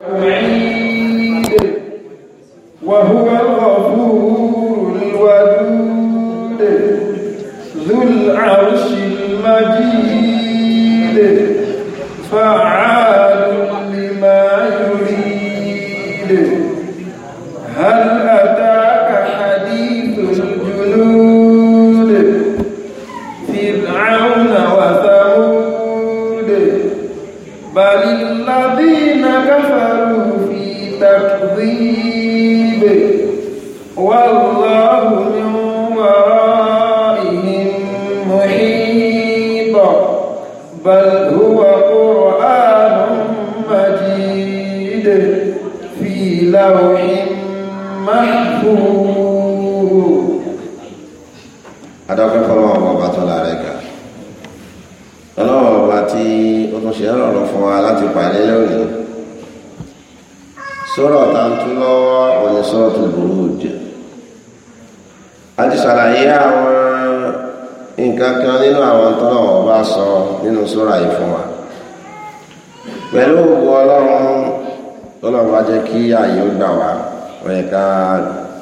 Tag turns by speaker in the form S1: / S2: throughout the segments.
S1: بعيد وهو الغفور الودود ذو العرش المجيد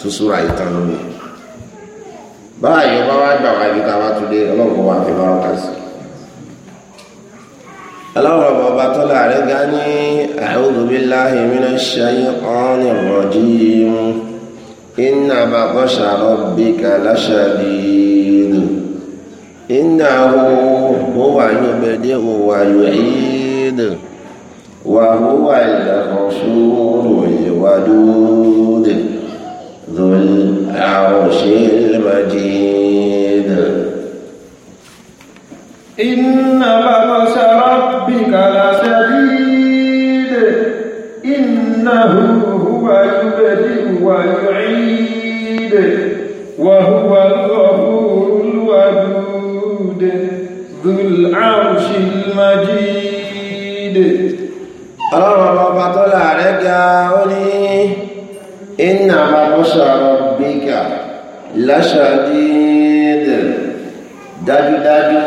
S2: tó súra ìtàn lónìí báyìí ọba wa gbà wá ibi ká wá tún dé ọlọ́run wa fi bá wa kà sí. ọlọ́run ọba ọba tó láàrin ga ní a'udhu billahi minash shaytanir rajim inna baqasha rabbika lashadid innahu huwa yubdi'u wa yu'id wa huwa al-ghafurur wadud. ذو العرش المجيد
S1: إن بطش ربك لشديد إنه هو يبدئ ويعيد وهو الغفور الودود ذو العرش المجيد ọlọ́run بطل tó ma عطش ربك
S2: لشديد dájúdájú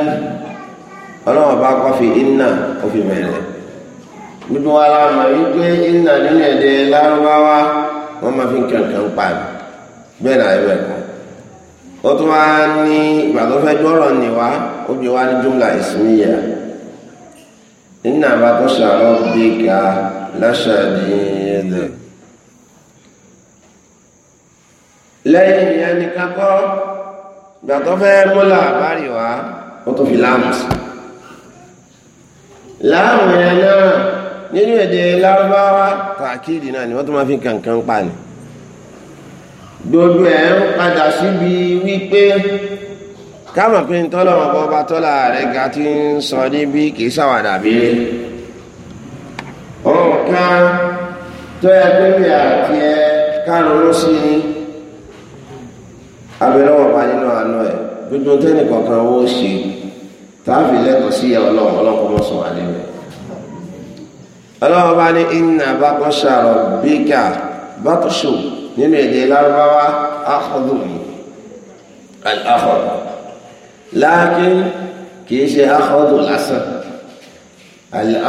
S2: ọlọ́wọ́n bá kọ́ fi iná ó fi bẹ̀rẹ̀ gbogbo wa la mọ̀ wípé iná nínú èdè lárúbáwá wọ́n ma fi nkankan pa bẹ́ẹ̀ náà ẹ̀rọ n'iwa fẹ́ gbọ́rọ̀ wa ó bí wá ní jumla ìsìnìyà bí ká lẹ́yìn ìyẹn nìkan kọ́ ìgbà tó fẹ́ múlà àbárì wá ó tó fi láàmù sí láàmù yẹn náà nínú èdè lárúbáwá tàkìdì náà ni wọ́n tó máa fi kankan pa ni gbogbo ẹ̀ ń padà síbi wípé káàmọ̀ pé ń tọ́lọ̀ ọ̀pọ̀ ọba tọ́lá rẹ̀ ga ti ń sọ níbi kìí sàwàdà bí ọ̀kan tó yẹ mi àti ẹ kárùn-ún sí ni abẹ́lọ́wọ̀ bá nínú àánú ẹ̀ gbogbo tẹ́nì kankan ó ṣe tààfi lẹ́kọ̀ọ́ sí ìyá ọlọ́run ọlọ́run kọ́ mọ́ sùn wà níbẹ̀ ọlọ́run bá ní iná bá kọ́ ṣàrọ̀ bíkà bá nínú èdè lárúbáwá áhọ́dùn àhọ́dùn láàkín kìí ṣe áhọ́dùn lásán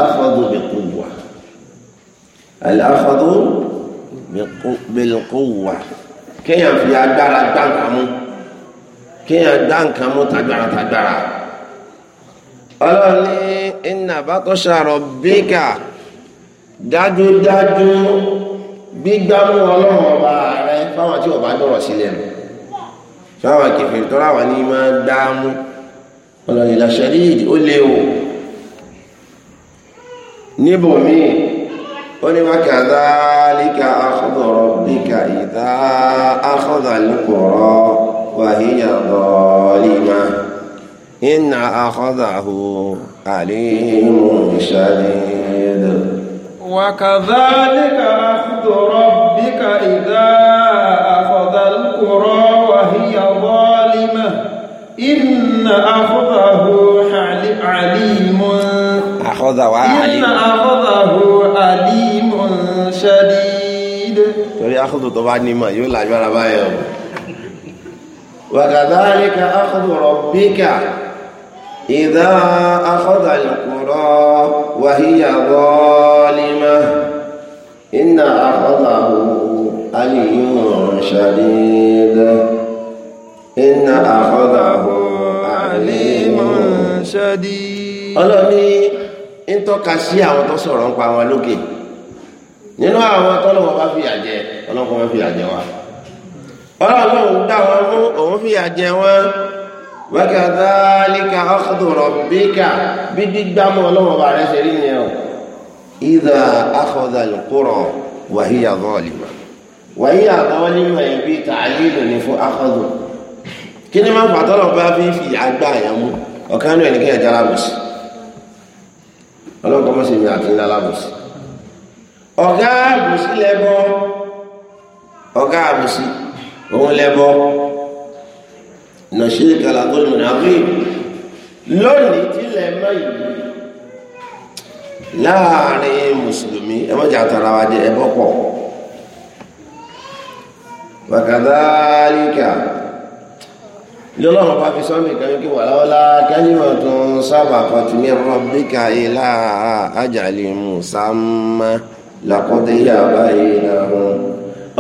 S2: àhọ́dùn bí kò wà kéèyàn fi agbára gbá nǹkan mú kéèyàn gbá nǹkan mú tagbára tagbára ọlọ́run ní inna batasha rabbika dájúdájú gbígbámú ọlọ́run ọba rẹ fáwọn tí ọba dọ̀rọ̀ sílẹ̀ nù fáwọn kẹfẹ́ tọ́ra wà ní máa dáámú ọlọ́run ìlàṣẹ́lì ó léwu níbòmíì وكذلك أخذ ربك إذا أخذ القرى
S1: وهي ظالمة
S2: إن أخذه أليم شديد
S1: وكذلك أخذ ربك إذا أخذ القرى وهي ظالمة إن أخذه عليم
S2: أخذ وعليم إن أخذه yáàkùdù tó bá nímọ̀ yóò lágbára báyọ̀ wàgàdáríkà
S1: ákùdù rọ̀bíkà
S2: ìdá akọ́dà ìkùrọ̀ wàhíyà gọ́ọ́límà iná akọ́dà alìyún ṣàdídà iná akọ́dà alìyún ṣàdídà ọlọ́ni ń tọ́ka sí àwọn tó sọ̀rọ̀ ń pa wọn lókè. Okay nínú àwọn tọ́lọ́wọ́ bá fìyà jẹ ọlọ́kùnrin fìyà jẹ wa ọlọ́run dá wọn mú òun fìyà jẹ wọn wákàtàlíkà ọ̀kọ̀dọ̀rọ̀ bíkà bí dígbàmọ́ ọlọ́wọ́ bá rẹ ṣe rí ni ọ ìdá akọ̀dà lùkúrọ̀ wàhíyà zọ́ọ̀lìmọ̀ wàhíyà zọ́ọ̀lìmọ̀ ibi tààlílù ni fún akọ̀dọ̀ kí ni máa ń fàtọ́lọ̀ bá fi fi àgbà yẹn mú ọ̀kan nù ẹnikẹ́yẹ̀ jálábùsì ọlọ́run kọ́mọ́sí mi àti ńlá lábùsì ọ̀gá àbùsí lẹ́bọ ọ̀gá àbùsí òun lẹ́bọ nàṣẹ́ ìkàlà tó lè nàbí lónìí tí lẹ́mọ yìí láàrin mùsùlùmí ẹ má jà tara wa jẹ ẹbọ pọ̀ wàkàdálíkà lọ́lọ́run bá fi sọ́mì kan kí wà láwọ́lá kẹ́lìmọ̀ tó ń sábà pàtùmí ẹ̀rọ ilá àjàlè mùsàmá làkọ́tẹ́ yà báyìí náà wọn.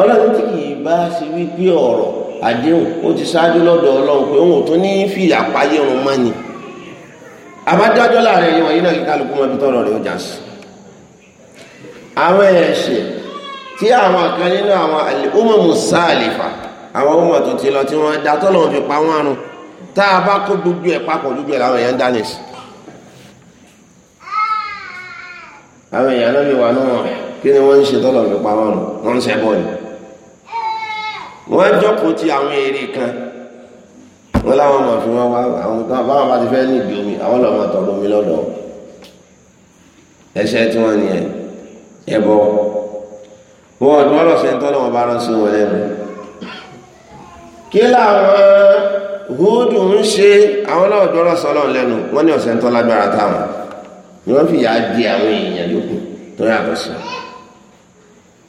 S2: ọlọ́run tí kì í bá ṣe wípé ọ̀rọ̀ àdéhùn ó ti ṣáájú lọ́dọ̀ ọlọ́run pé òun ò tún ní fìyà payé òun mọ́ ni. àbádájọ́ láàrin ẹ̀yìn wọ̀nyí náà kí kálukú mọ́ ibi tọ́rọ̀ rẹ̀ ó jà sí. àwọn ẹ̀ṣẹ̀ tí àwọn kan nínú àwọn ọmọọmọ sáàlìfà àwọn ọmọ tó ti lọ tí wọ́n dá tọ́lọ́run fi pa wọ́n àrùn tá a bá kó gbogbo ẹ̀ papọ̀ gbogbo ẹ̀ láwọn èèyàn ń dá nìyí. àwọn èèyàn lọ́ọ́ kí ni wọ́n ń ṣe tọ́lọ̀ fi pa wọn wọ́n ń ṣẹbọ ni wọ́n jókòó ti àwọn èrè kan wọ́n láwọn máa fi wọ́n wá àwọn kan báwọn bá ti fẹ́ nídìí omi àwọn lọ́mọ tọ̀dọ̀ mi lọ́dọ̀ ẹ̀ṣẹ̀ tí wọ́n ní ẹ̀ ẹ̀bọ wọn ọ̀dọ́ wọn lọ́sẹ̀ tọ́lọ̀ wọn bá rán sí wọn lẹ́nu kí làwọn húdù ń ṣe àwọn lọ́ọ̀dọ́ lọ́sọ̀ ọlọ́run lẹ́nu wọ́n ní ọ̀sẹ̀ tọ́lágbára táwọn ni wọ́n fi yà á di àwọn èèyàn yòókù tó yàtọ̀ sí wọn.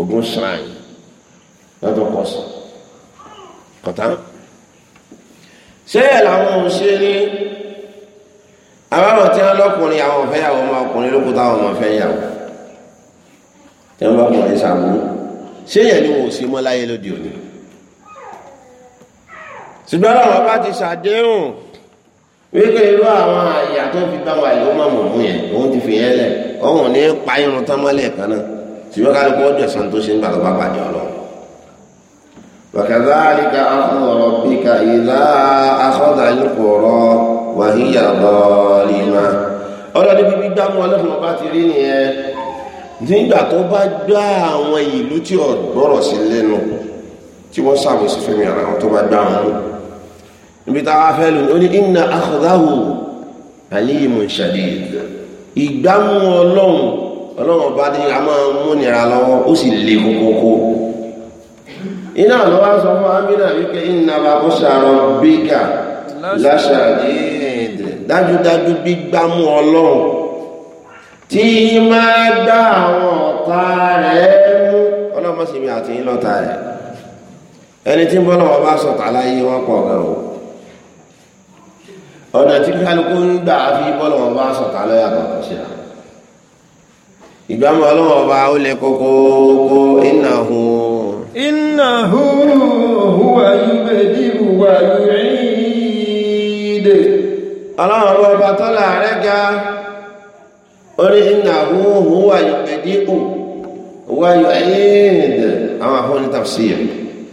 S2: ogun shrine lọ́dún kọsàn kọ̀tán ṣé ẹ̀ làwọn ò ṣe ní àbáwọn tí wọn lọkùnrin àwọn ọ̀fẹ́ yàwó ọmọ ọkùnrin ló kó táwọn ọmọ ọ̀fẹ́ yàwó tí wọn lọkùnrin sàmúlò ṣé yẹn ni wọn ò sí mọ́ láyé lóde òní ṣùgbọ́n àwọn bá ti ṣàdéhùn wípé irú àwọn àyà tó fi bá wà yìí ó mọ̀ mọ̀ mú yẹn òun ti fi yẹn lẹ̀ ọ̀hún ní pa irun tán mọ́lẹ̀ kan náà ṣùgbọ́n kálukú ọjọ́ ìsan tó ṣe ń gbàlọ́ bá pàdé ọlọ́run وكذلك أخذ ربك إذا أخذ القرى وهي ظالمة ọ̀rọ̀ níbi gbígbá mú ọlọ́run ọba ti rí nìyẹn nígbà tó bá gbá àwọn ìlú tí ò gbọ́rọ̀ sí lẹ́nu tí wọ́n sàmì sí fẹ́mi ara wọn tó bá gbá wọn níbi tá a fẹ́ lónìí ó ní inna akhdahu alimun shadid ìgbámú ọlọ́run ọlọ́run bá ní a máa mú nira lọ́wọ́ ó sì le kókókó iná ló wá sọ fún amina wípé iná bá kó sàrọ bíkà láṣàdé dájúdájú gbígbámú ọlọ́run tí máa gbá àwọn ọ̀tá rẹ̀ mú ọlọ́run àti ìlọ́ta rẹ̀ ẹni tí wọn pọ̀ gan o ọ̀nà tí kálukú ń gbà fi ìgbàmọ̀ ọlọ́wọ́ ọba ó lè kókó kó innahu.
S1: innahu huwa yubdi'u wa yu'id. ọlọ́wọ́
S2: ọba tọ́lá rẹ̀ ga orí innahu huwa yubdi'u wa yu'id. àwọn afọ́ni tafsir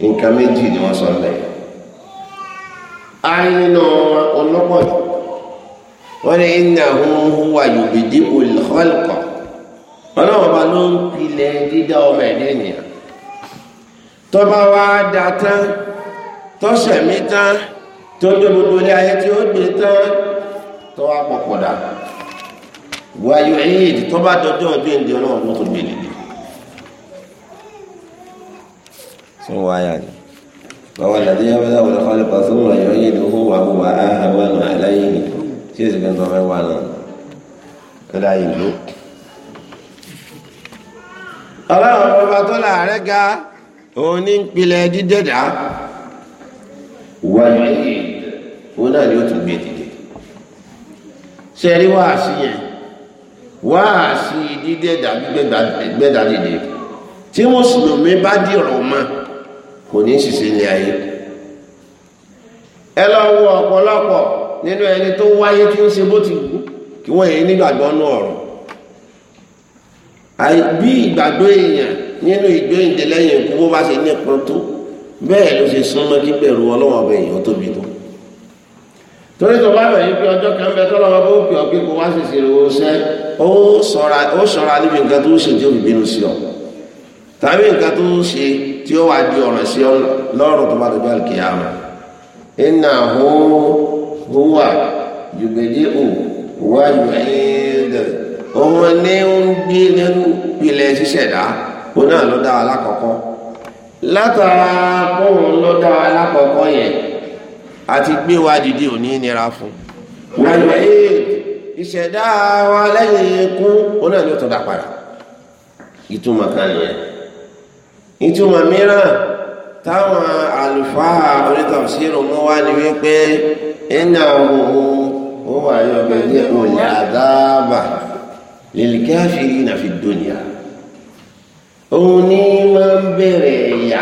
S2: nǹkan méjì ni wọ́n sọ lẹ́yìn. àìnínà ọlọ́pọ̀ wọ́n ní innahu huwa yubdi'u al-khalqa ọlọ́run ọba ló ń pilẹ̀ dídá ọmọ ẹ̀dẹ́ ènìyàn tó bá wá da tán tó ṣẹ̀mí tán tó dé gbogbo ilé ayé tí ó gbé tán tó wá pọ̀pọ̀ dà wáyé ẹ̀yìn tó bá dọjọ́ ọdún ìdí ọlọ́run ló tó gbé nìyí. sun waya ne ba wanda dai ya bada wani khalifa sun wa yoyi da hu wa huwa ahwanu alayhi sai su gan zama wannan da yin duk ọlọ́run ọba tó láàárẹ̀ ga òun ní ìpìlẹ̀ dídẹ̀dá wà lóye òun náà ni ó tún gbé dìde ṣe rí wáàsí yẹn wáàsí dídẹ̀dá gbẹ̀dá dìde tí mùsùlùmí bá dìrọ̀ mọ́ kò ní ṣiṣẹ́ ilé ayé ẹ lọ wo ọ̀pọ̀lọpọ̀ nínú ẹni tó wáyé tí ó ṣe bó ti wù kí wọ́n yẹ nígbàgbọ́ náà ọ̀rọ̀ bí ìgbàgbọ́ èèyàn nínú ìgbé ìdè lẹ́yìn ikú bó bá ṣe nípọn tó bẹ́ẹ̀ ló ṣe súnmọ́ kí bẹ̀rù ọlọ́wọ́ ọbẹ̀ èèyàn tóbi tó torí tó bá bẹ̀rẹ̀ pé ọjọ́ kan bẹ tọ́lọ́wọ́ bó pè ọ́ pé kó wá ṣèṣe ìrò ṣẹ́ ó ṣọ́ra níbi nǹkan tó ṣe tí ó fi bínú sí ọ tàbí nǹkan tó ṣe tí ó wá di ọ̀ràn sí ọ lọ́rùn tó bá tó bẹ́ẹ̀ kì í àmọ́ iná hó hó wà yùgbẹ́jẹ́ ò wá yùgbẹ́jẹ́ òun ní ń gbé nínú ilẹ̀ ṣíṣẹ̀dá òun náà ló alákọ̀ọ́kọ́ yẹn àti gbé wa dìde òní nira fún wàlúwà yìí ìṣẹ̀dá wa lẹ́yìn ikú òun náà ló tún padà ìtumọ̀ kan ìtumọ̀ mìíràn táwọn àlùfáà mú wá wípé òun ó wà lèlìkáfìrí náà fi dóníyà òun ní máa ń bẹ̀rẹ̀ ẹ̀yà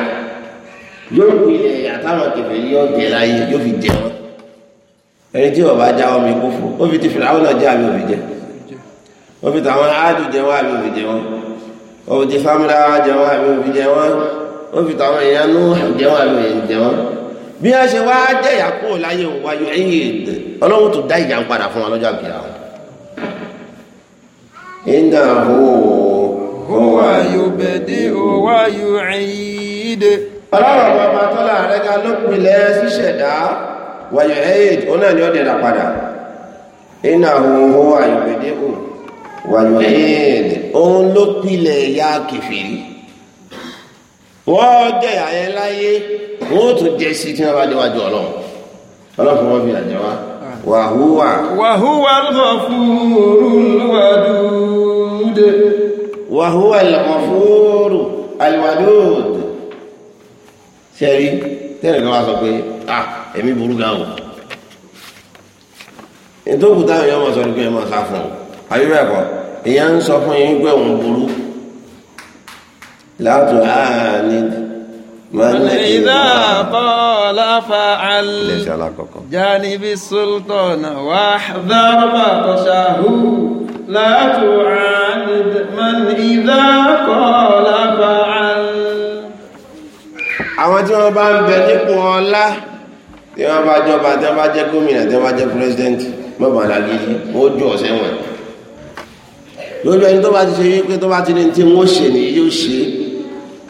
S2: yóò pinnu ẹ̀yà táwọn kẹfẹ́ yóò jẹ láyé yóò fi jẹ wọn ẹni tí wọn bá já wọn mi kú fún ó fi ti fìlà àwọn náà jẹ àmì òfin jẹ ó fi tàwọn áàdù jẹ wọn àmì òfin jẹ wọn ó fi ti fámìlà jẹ wọn àmì òfin jẹ wọn ó fi tàwọn èèyàn nú jẹ wọn àmì òfin jẹ wọn bí wọn ṣe wá jẹyà kúrò láyé òun wáyé ẹ̀yìn ọlọ́run tó dá ìjà ń padà fún wọn lọ́jọ́ àgbéyàwó. إنه
S1: هو يبدئ ويعيد ọlọ́rọ̀ ọba ọba tọ́lá rẹ̀ ga ló pilẹ̀ ṣíṣẹ̀dá
S2: wàyọ̀ eid ó náà ni ó dẹ̀dà padà ohun ya wọ́n jẹ́ àyẹ̀ wọ́n tún jẹ́ sí tí wọ́n bá déwájú ọlọ́run ọlọ́run wọn fi wàhúwà
S1: wàhúwà al-ghafurul wadud wàhúwà
S2: al-ghafurul wadud ṣẹ́rí tẹ́lẹ̀ kan wá sọ pé ah ẹ̀mí burú gan o ètò òkúta èèyàn máa sọ ní pé ẹ máa sá fún ọ àyíwá ń sọ fún yín pé burú látò áà nídìí
S1: mọ̀nà ìdá kọ́lá fa'al janibi sultana wà dárọ́bà kọ̀ṣàhù látò ànìd mọ̀nà ìdá kọ́lá fa'al.
S2: àwọn tí wọ́n bá ń bẹ nípò ọlá tí wọ́n bá jọba tí wọ́n bá jẹ́ gómìnà tí wọ́n bá jẹ́ pírẹsidẹ́ntì mọ̀bàlá gidi wọ́n jù ọ̀sẹ̀ wọn lójú ẹni tó bá ti ṣe wípé tó bá ti ní tí wọ́n ṣe nìyí yóò ṣe é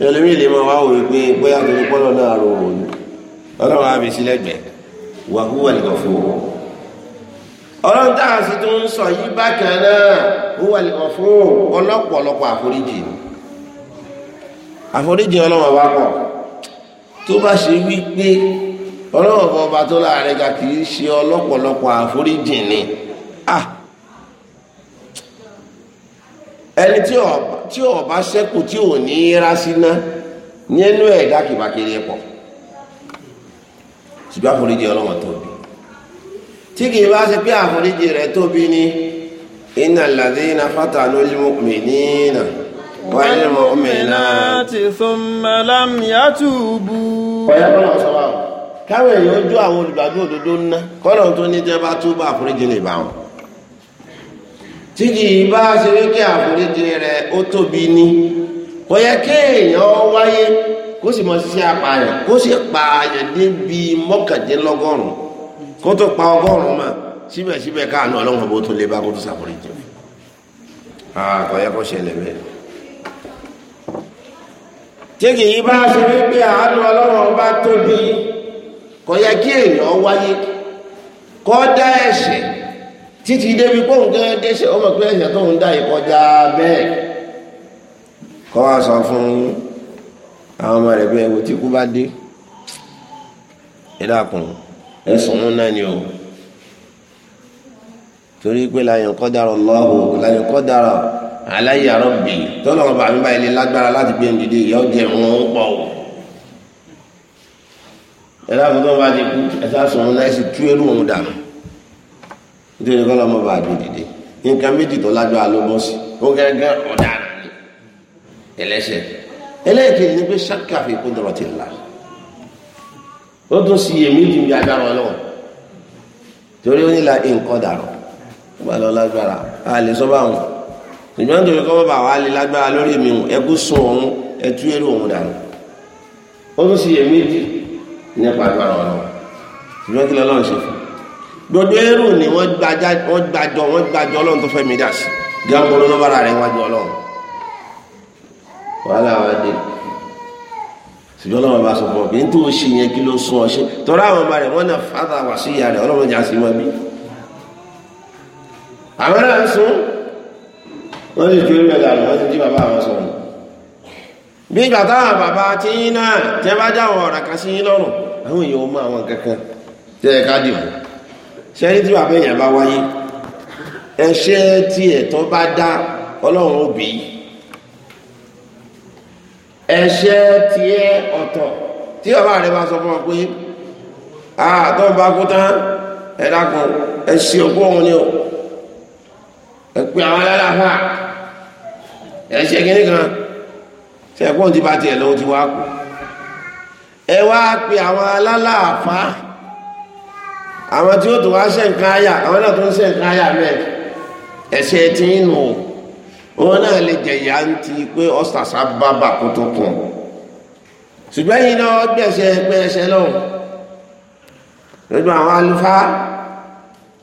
S2: ẹlòmí lè máa wá wòye pé bóyá torí pọ́lọ́ náà ro òun ọlọ́run á fi sílẹ̀ gbẹ̀ wà húwà lè kàn fún wọn. ọlọ́run tá a sì tún ń sọ yí bákan náà húwà lè kàn fún ọlọ́pọ̀lọpọ̀ àforíjì àforíjì ọlọ́run ọba pọ̀ tó bá ṣe wí pé ọlọ́run ọba tó láàrin ga kì í ṣe ọlọ́pọ̀lọpọ̀ àforíjì ni ah ẹni tí ọba ṣẹ́kù tí ò ní ra síná ní ẹnu ẹ̀dá kìbàkiri ẹ̀pọ̀ ṣùgbọ́n àforíjì ọlọ́wọ́n tóbi tí kìí bá ṣe pé àforíjì rẹ̀ tóbi ni innal ladhina fatanul mu'minina wal mu'minati
S1: thumma lam
S2: yatubu. ọ̀yá kọ́nà ọ̀sán wa káwọn èèyàn ojú àwọn olùgbàgbọ́ òdodo ńná kọ́nà tó ní jẹ́ bá túbọ̀ àforíjì lè bá wọn tíjì bá ṣe wípé àforíjì rẹ ó tóbi ní kò yẹ kéèyàn wáyé kó sì mọ ṣiṣẹ́ apààyàn kó sì pààyàn débi mọ́kàndínlọ́gọ́rùn kó tó pa ọgọ́rùn mọ́ síbẹ̀síbẹ̀ káàánú ọlọ́run bó tún lè bá kó tó ṣàforíjì rẹ kò yẹ kó ṣẹlẹ̀ bẹ́ẹ̀ tí kì í bá ṣe wípé àánú ọlọ́run bá tóbi kò yẹ kí èèyàn wáyé kó dá ẹ̀ṣẹ̀ títí débi pọ́ùn gẹ́gẹ́ dẹ́sẹ̀ ọmọ pé ẹ̀sẹ̀ tó ń dá ìkọjá bẹ́ẹ̀ kọ́ wá sọ fún àwọn ọmọ rẹ̀ pé ẹ̀wò tí kú bá dé ìdàkùn ẹ̀sùn mú náà ni o torí pé láyìn kọ́ dára lọ́wọ́ láyìn kọ́ dára aláyé àrọ́bì tọ́lọ́ ọba mi bá ilé lágbára láti gbé mi dìde ìyá ọjẹ́ wọn ń pọ̀ o ẹ̀dàkùn tó bá ti kú ẹ̀sà sùn náà ẹ̀sì tú ẹrú òun dànù. nítorí kọ́ lọ́mọ bá dùn dìde nǹkan méjì tó lágbára ló ó gẹ́gẹ́ ọ̀daràn ni ẹlẹ́ṣẹ̀ ẹlẹ́ẹ̀kejì ni pé fi kó dọ̀rọ̀ ti là ó tún si èmi jù bí agbára ọlọ́run torí ó nílà nǹkan dàrọ̀ nígbà lọ lágbára a lè sọ bá wọn ṣùgbọ́n nítorí kọ́ bá wà á lè lágbára lórí mi ẹkú sun òun ẹtú òun dànù ó tún nípa agbára ṣùgbọ́n gbogbo èrò ni wọ́n gbàjọ wọ́n gbàjọ ọlọ́run tó fẹ́ mi dà sí gàmbọ́ ló bára rẹ̀ wájú ọlọ́run wàhálà wa dé ṣùgbọ́n ọlọ́run bá sọ fún ọ pé ní tó o ṣe yẹn kí ló sún ọ ṣe tọ́ra àwọn ọmọ rẹ̀ wọ́n náà fàdà wà sí ìyá rẹ̀ ọlọ́run jà sí mọ́ bí. àwọn náà ń sún wọ́n sì kéré rẹ̀ dànù wọ́n ti jí bàbá àwọn sọ̀rọ̀ bí ìgbà táwọn bàbá tí yín náà tẹ́ bá jáwọ́ ọ̀rà kan sí yín lọ́rùn àwọn èèyàn ó mú àwọn kankan tẹ́ ẹ ká dìbò ṣẹ́rí tí bàbá èèyàn bá wáyé ẹ̀ṣẹ̀ tí ẹ̀tọ́ bá dá ọlọ́run òbí ẹ̀ṣẹ̀ tí ẹ ọ̀tọ̀ tí bàbá rẹ bá sọ fún ọ pé àtọ́ bá kú tán ẹ̀dá kan ẹ̀ṣẹ̀ ọgbọ́n òun ni ọ ẹ̀pẹ́ àwọn aláàfà ẹ̀ṣẹ̀ kìíní kan ṣẹ̀gbọ́n ti bá tiẹ̀ lọ́wọ́ ti wá kú ẹ wá pe àwọn alálàáfà àwọn tí ó tó wá ṣe nǹkan ayà àwọn náà tó ń ṣe nǹkan ayà mẹ́ẹ̀ ẹ̀ṣẹ̀ tí ń nù wọn náà lè jẹ̀yà ń ti pé ọ́sàṣà bábà kó tó kùn ṣùgbọ́n yìí náà gbẹ̀ṣẹ̀ gbẹ̀ṣẹ̀ lọ́wọ́ lójú àwọn alufá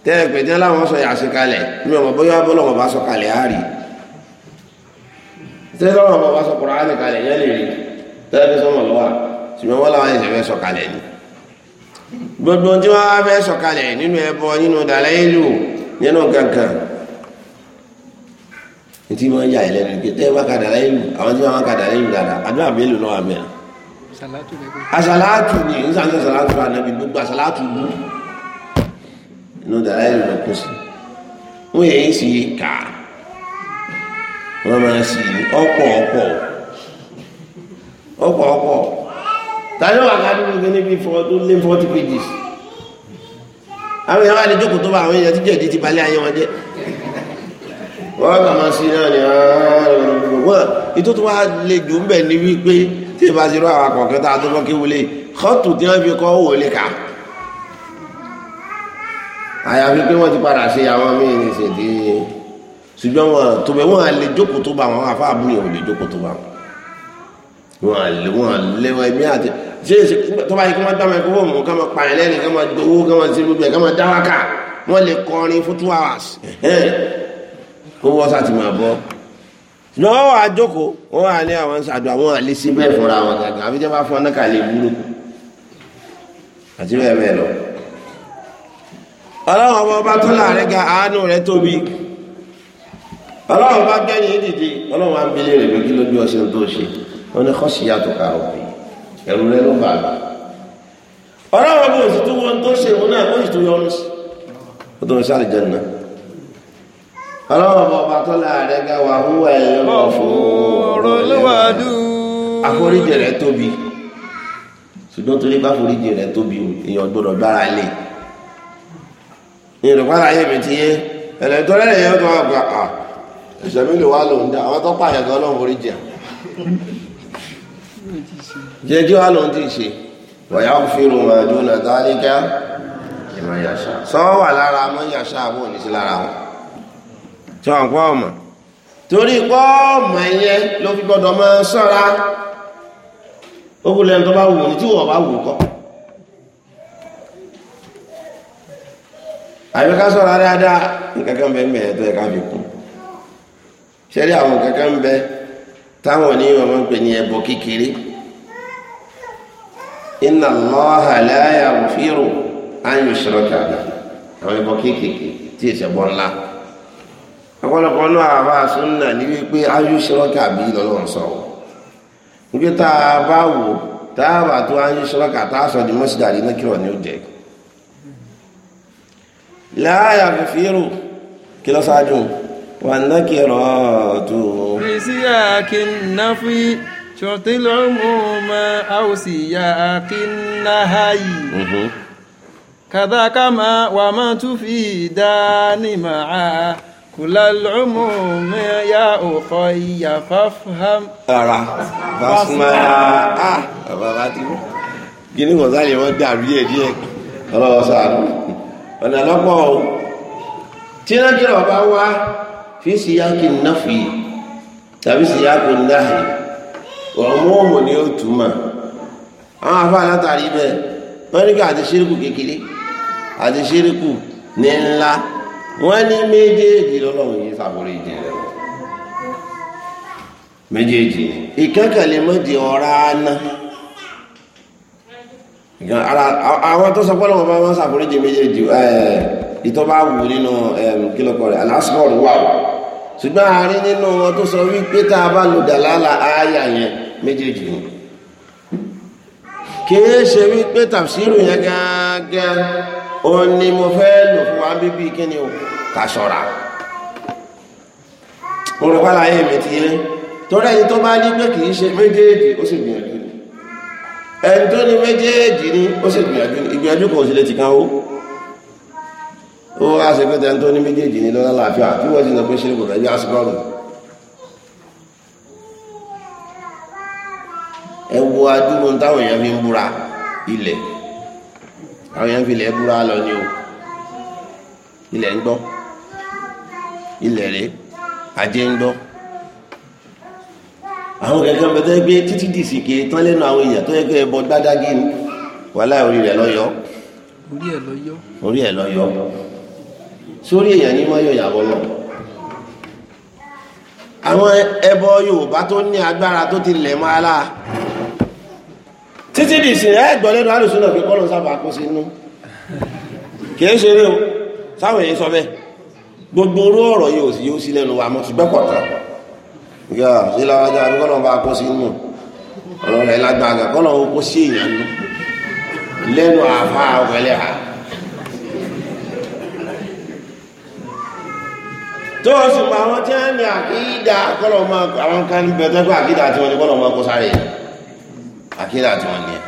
S2: tẹ́ẹ̀pẹ̀ jẹ́ láwọn sọ yàṣẹ kalẹ̀ ní ọmọ bóyá bọ́lọ̀wọ̀ bá sọ kalẹ̀ àárí tẹ́ẹ̀lọ́wọ̀ bá sọ Kùránì kalẹ̀ yẹ́ lè rí tẹ́ẹ̀lọ́wọ̀ gbogbo tí wọ́n wá fẹ́ sọ̀kalẹ̀ nínú ẹbọ nínú dàlẹ́ìlú nínú kankan tí wọ́n yà ẹlẹ́nu pé tẹ́ wá ka dàlẹ́ìlú àwọn tí wọ́n wá ka dàlẹ́ìlú dáadáa àdúrà mélòó náà wà mẹ́rin. asalatu ni gbogbo asalatu wọ́n yẹ wọ́n máa sì ọ̀pọ̀ ọ̀pọ̀ ọ̀pọ̀ ọ̀pọ̀. tàbí wà kádùnú gẹ́ níbi tó lé 40 pages àwọn èèyàn wà ní jókòó tó bá àwọn èèyàn tí jẹ̀dí ti balẹ̀ ayé wọn jẹ́ wọ́n kà máa sí náà ní ọ̀rọ̀ ìtò tó wá lè jù ń bẹ̀ ní wípé tí ìbá ti rọ àwọn akọ̀kẹ́ tá a tó kọ́kí wọlé kọ́tù tí wọ́n fi kọ́ wò lè kà àyàfi pé wọ́n ti padà ṣe àwọn míì ní ṣètì ṣùgbọ́n wọn tó bẹ̀ wọ́n lè jókòó tó bá wọn àfáàbù yẹn ò lè jókòó wọn lẹ́wọ̀n ẹ̀mí àti ṣe é ṣe tó bá yẹ kí wọ́n gbá microphone mú ká máa pa ẹ̀ lẹ́nu ká máa gbowó ká máa ṣe gbogbo ẹ̀ ká máa dá wákà wọ́n lè kọrin fún two hours kó wọ́n sá ti máa bọ́ ṣùgbọ́n wọ́n wà jókòó wọ́n wà ní àwọn ṣàdùn àwọn àlè sí bẹ́ẹ̀ fúnra wọn gàgà àfi jẹ́ bá fún ọ́nà kà lè wúlò àti bẹ́ẹ̀ bẹ́ẹ̀ lọ. ọlọ́run ọba ọba tó láàrin ga àánú rẹ̀ tóbi ọlọ́run bá gbẹ́yìn dìde ọlọ́run á ń bilé rẹ̀ pé kí ló bí wọn ní kọ́síyà tó ka òbí ẹ̀rù rẹ ló bá a lọ. ọlọ́run bó sì tún wọn tó ṣe òun náà ó sì tún yọ ọ́nù sí ó tó ń sáré jẹun náà. ọlọ́run bó ọba tó láàrẹ ga wà húwà ẹ̀ lọ́wọ́ fún olùwàdù. àforíjì rẹ tóbi ṣùgbọ́n torí jẹ́ kí wá lóun tí ì ṣe wọ̀yá òfin ma dúnà dálíkà ìmọ̀ yàṣà sọ́wọ́ wà lára mọ́ yàṣà àbò ní sí lára wọn tí wọ́n pọ́ ọmọ torí pọ́ ọmọ ẹ̀yẹ ló fi gbọ́dọ̀ máa sọ́ra ó kú lẹ́nu tó bá wù ní tí wọ́n bá wù kọ́ àbí sọ́ra dáadáa nǹkan bẹ́ẹ̀ mẹ́ẹ̀ tó yẹ fi kún ṣẹ́rí àwọn nǹkan bẹ́ẹ̀ táwọn onímọ̀ máa pè ní ẹbọ kékeré inna allaha la yaghfiru an yushraka bihi àwọn ẹbọ kéékèèké tí èsì ẹbọ ńlá ọ̀pọ̀lọpọ̀ náà àbá súnà ní wípé an yushraka bihi lọ́lọ́run sọ wípé tá a bá wò tá a bá tó an yushraka tá a sọ di mọ́sídàrí náà kírọ̀ ní ó jẹ́
S1: la yaghfiru kí شرط العموم أو سياق النهي كذاك ما وما تفيدان معا كل العموم يا أخي فافهم
S2: أرى فاسمع آه gini gonzale wọn dàrú yẹ díẹ̀ ọlọwọ sáàlù ọ̀nà lọ́pọ̀ o tí náà kí lọ́ọ́ bá wá fi síyáàkì náà fi tàbí síyáàkì náà ọmọọmọ ni ó túmọ̀ àwọn afá látàrí bẹ́ẹ̀ wọ́n ní ká àti ṣírìkù kékeré àti ṣírìkù ní ńlá wọ́n ní méjèèjì lọ́lọ́run yìí sàbúrò ìjẹ rẹ̀ méjèèjì ìkẹ́kẹ̀lé mọ́dì ọ̀rá ná àwọn tó sọ pọ́lọ́wọ́n bá wọ́n sàbúrò ìjẹ méjèèjì ìtọ́ba wù nínú kílọ̀kọ̀ rẹ̀ aláṣọ́ọ̀rù wà ṣùgbọ́n àárín nínú wọn tó sọ wípé tá a bá lò dàlálà ááyà yẹn méjèèjì ni kìí ṣe wípé tàfsírù yẹn gángan ó ní mo fẹ́ lò fún wa bíbí kí ni o ká ṣọ́ra orúkọ àlàyé mi ti yé torí ẹni tó bá ní pé kìí ṣe méjèèjì ó sì gbìyànjú ni ẹni tó ní méjèèjì ni ó sì gbìyànjú ni ìgbìyànjú kò sí lè ti kan ó ó wá ṣe pé tẹni tó ní méjèèjì ni lọ́lá làáfíà tí wọ́n ti nà pé ṣe kò rẹ̀ yá sí ẹ wo adúrú táwọn èèyàn fi ń búra ilẹ̀ àwọn èèyàn fi ilẹ̀ búra lọ ni o ilẹ̀ ń gbọ́ ilẹ̀ rẹ̀ ajé ń gbọ́ àwọn kẹ̀kẹ́ mẹ́tẹ́ gbé títí dìsì kì í tán lẹ́nu àwọn èèyàn tó yẹ kẹ́ ẹ bọ gbádágì ni wàhálà orí rẹ̀ lọ́yọ́ orí ẹ̀ lọ́yọ́ orí ẹ̀ lọ́yọ́ sórí èèyàn ní mọ́ yọ̀yàwó lọ àwọn ẹbọ Yorùbá tó ní agbára tó ti lẹ̀ mọ́ aláà títí di ìsìn ẹ̀ẹ́dọ̀ lẹ́nu alùsùn náà pé kọ́lọ̀ sábà kó sí inú kìí ṣe eré o sáwọn èyí sọ bẹ́ẹ̀ gbogbo orú ọ̀rọ̀ yóò sì yóò sí lẹ́nu wa mọ́ ṣùgbọ́n pọ̀ tán yà sí láwájá kọ́lọ̀ bá kó sí inú ọ̀rọ̀ rẹ̀ lágbàgà kọ́lọ̀ kó sí èèyàn nú lẹ́nu àfa wẹ̀lẹ́ ha tó o sì pa àwọn tí wọ́n ní àkídà kọ́lọ̀ máa àwọn kan bẹ̀rẹ̀ tó àkídà tí wọ́n ní kọ́lọ̀ máa kó sáré àkídà tí wọ́n ní ẹ̀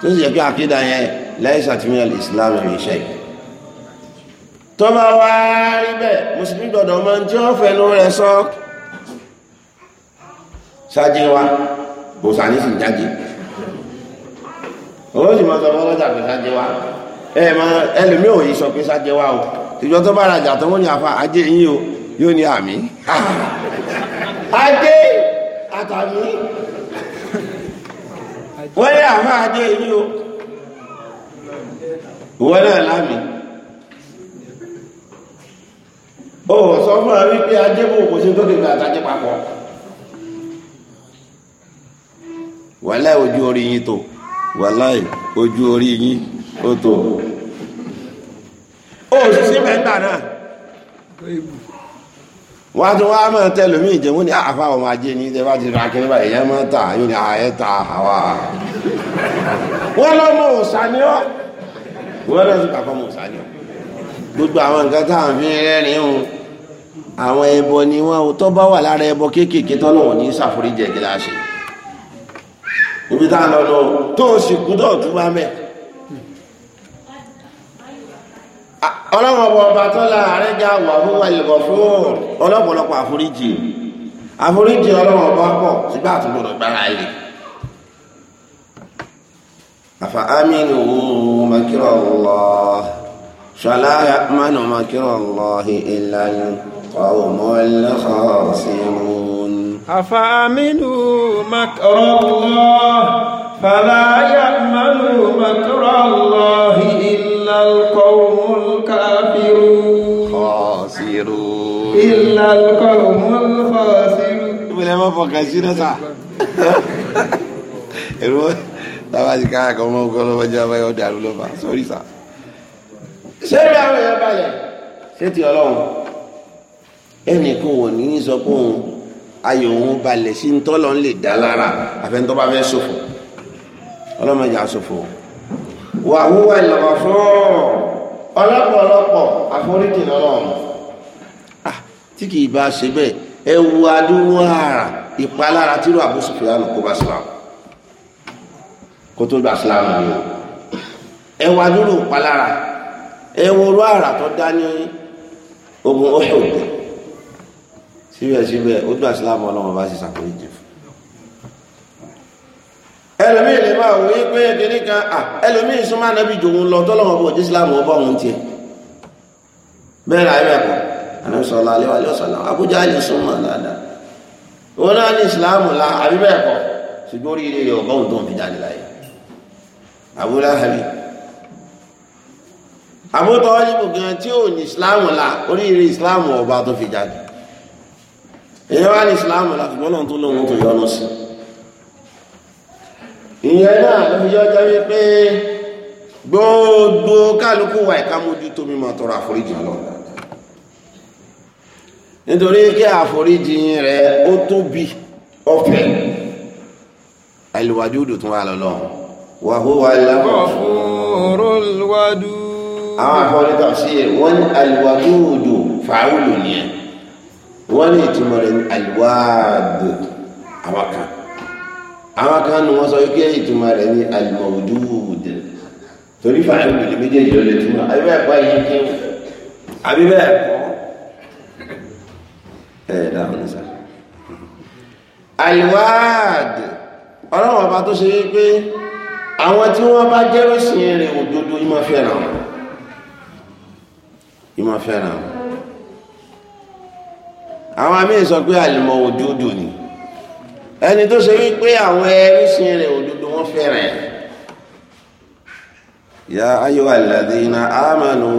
S2: tó sì yẹ pé àkídà yẹn láìsà tí wọ́n islam rẹ̀ iṣẹ́ yìí tó bá wá rí bẹ́ẹ̀ mùsùlùmí gbọ́dọ̀ máa ń tí wọ́n fẹnu rẹ̀ sọ ṣáájú wa bùsà ní sì jáde owó sì máa sọ fún ọlọ́jà pé ṣáájú wa ẹ máa ẹlòmíì òye sọ pé ṣáájú wa o ìjọ tó bá rajà tó wọ́n ní àfa ajé yín o yóò ní àmì ajé àtàmì wọ́n ní àmọ́ adé yìí o ìwọ náà lámì ó sọ fún ọ wípé ajé bò kò sí tó lè gbà àtàjẹ papọ̀ wàláì ojú orí yín tó wàláì ojú orí yín ó tó ó sì sí mẹ́ta náà wọ́n tún wá máa tẹ́lùmí ìjẹ̀mú ní ah, àfáwọn ajé ní ìjẹba ti ra nígbà èèyàn yóò ní ààyè ah, ta wọ́n lọ́mọ òòsà ni ọ́ wọ́n lọ́mọ bàbá ọmọ òòsà ni ọ́ gbogbo àwọn nǹkan tá à ń fi rẹ́rìn ń àwọn ẹbọ ni wọn ò tọ́ bá wà lára ẹbọ kéékèèké tọ́lọ́wọ̀n ní ṣàforíjì ẹ̀jẹ̀ láṣẹ ibi tá a lọ lọ tó o sì kú tó tún bá mẹ́ ọlọ́run ọba ọba tó la àárẹ̀ já wà fún wa ìlẹ̀kọ̀ fún ọlọ́pọ̀lọpọ̀ àforíjì àforíjì ọlọ́run ọba pọ̀ sígbà tó gbọdọ̀ gbára ilẹ̀ أفأمنوا مكر الله فلا يأمن مكر الله إلا القوم
S1: الخاسرون أفأمنوا مكر الله فلا يأمن مكر الله إلا القوم الكافرون خاسرون إلا القوم الخاسرون ولا ما
S2: فكاسينا صح tábà ti ká àkọ́ mọ́ ọkọ́ lọ́wọ́ jẹ́ ọbẹ̀ ọ̀dà ló lọ́ba sọ́rí sà. ṣé rí àwọn èèyàn balẹ̀ ṣé ti ọlọ́run ẹnìkan ò ní sọ pé òun ayọ̀ òun balẹ̀ sí ń tọ́lọ́ ń lè dá lára àfẹ́ntọ́ bá fẹ́ ṣòfò ọlọ́mọdé àṣòfò wà wúwà ìlọ́wọ́ fún ọlọ́pọ̀lọpọ̀ àforíjì lọ́lọ́run ah, tí kì í ba ṣe bẹ́ẹ̀ ẹ wo adúrú ààrà ìpalára tírú àbúṣùfẹ́ àlùkò bá ṣe kó tó gba sílámù ni o ẹ wá dúró palára ẹ wo orú àrà tó dá ní ogun Uhud síbẹ̀síbẹ̀ ó gba sílámù ọlọ́run bá sì sàkóyè jù fún ẹlòmíì lè máa wí pé kìnnì kan ẹlòmíì súnmọ́ anábì jòun lọ tọ́lọ́wọ́ bọ̀ jésù láàmú ọba òun tiẹ̀ bẹ́ẹ̀ rà ẹ̀rẹ̀ kọ́ anábì sọ̀rọ̀ alẹ́ wàlẹ́ ọ̀sọ̀lá Abuja lè súnmọ́ dáadáa wọn náà ní ìsìláàmù la àbí bẹ́ẹ̀ kọ́ ṣùgbọ́n oríire ọgọ́rùn tó ń fi jáde láyé abúláhàbí àbútọ́ọ́lìbù gan tí ò ní ìsìláàmù là oríire ìsìláàmù ọba tó fi jáde èyàn wá ní ìsìláàmù là ṣùgbọ́n náà tó lóun tó yọnu sí ìyẹn náà ló fi yọjọ́ wípé gbogbo kálukú wa ìka mójú tó mímọ̀ tọrọ àforíjì lọ nítorí kí àforíjì rẹ ó tóbi ọ̀fẹ́ àìlèwájú òdò tún wà lọ́lọ́run wa huwa al-ghafurul
S1: wadud àwọn àfọ́rí
S2: tafsir wọ́n ní al-wadudu fàáwùlù nìyẹn wọ́n ní ìtumọ̀ rẹ̀ ní al-wadu àwọn kan àwọn kan ní wọ́n sọ wípé ìtumọ̀ rẹ̀ ní al-mawdud torí fàáwùlù ní méjèèjì ló lè túmọ̀ àbí bẹ́ẹ̀ kọ́ ẹ̀yìn kí àbí bẹ́ẹ̀ ẹ̀ dáhùn ní sáà al-wad tó ṣe wípé àwọn tí wọ́n bá jẹ́rọ̀sìn rẹ̀ òdodo ìmọ̀ fẹ́ràn wọn ìmọ̀ fẹ́ràn wọn àwọn amíì sọ pé àlùmọ̀ òdodo ni ẹni tó ṣe wípé àwọn ẹrúsìn rẹ̀ òdodo wọ́n fẹ́ràn ẹ̀ ya ayyuha alladhina amanu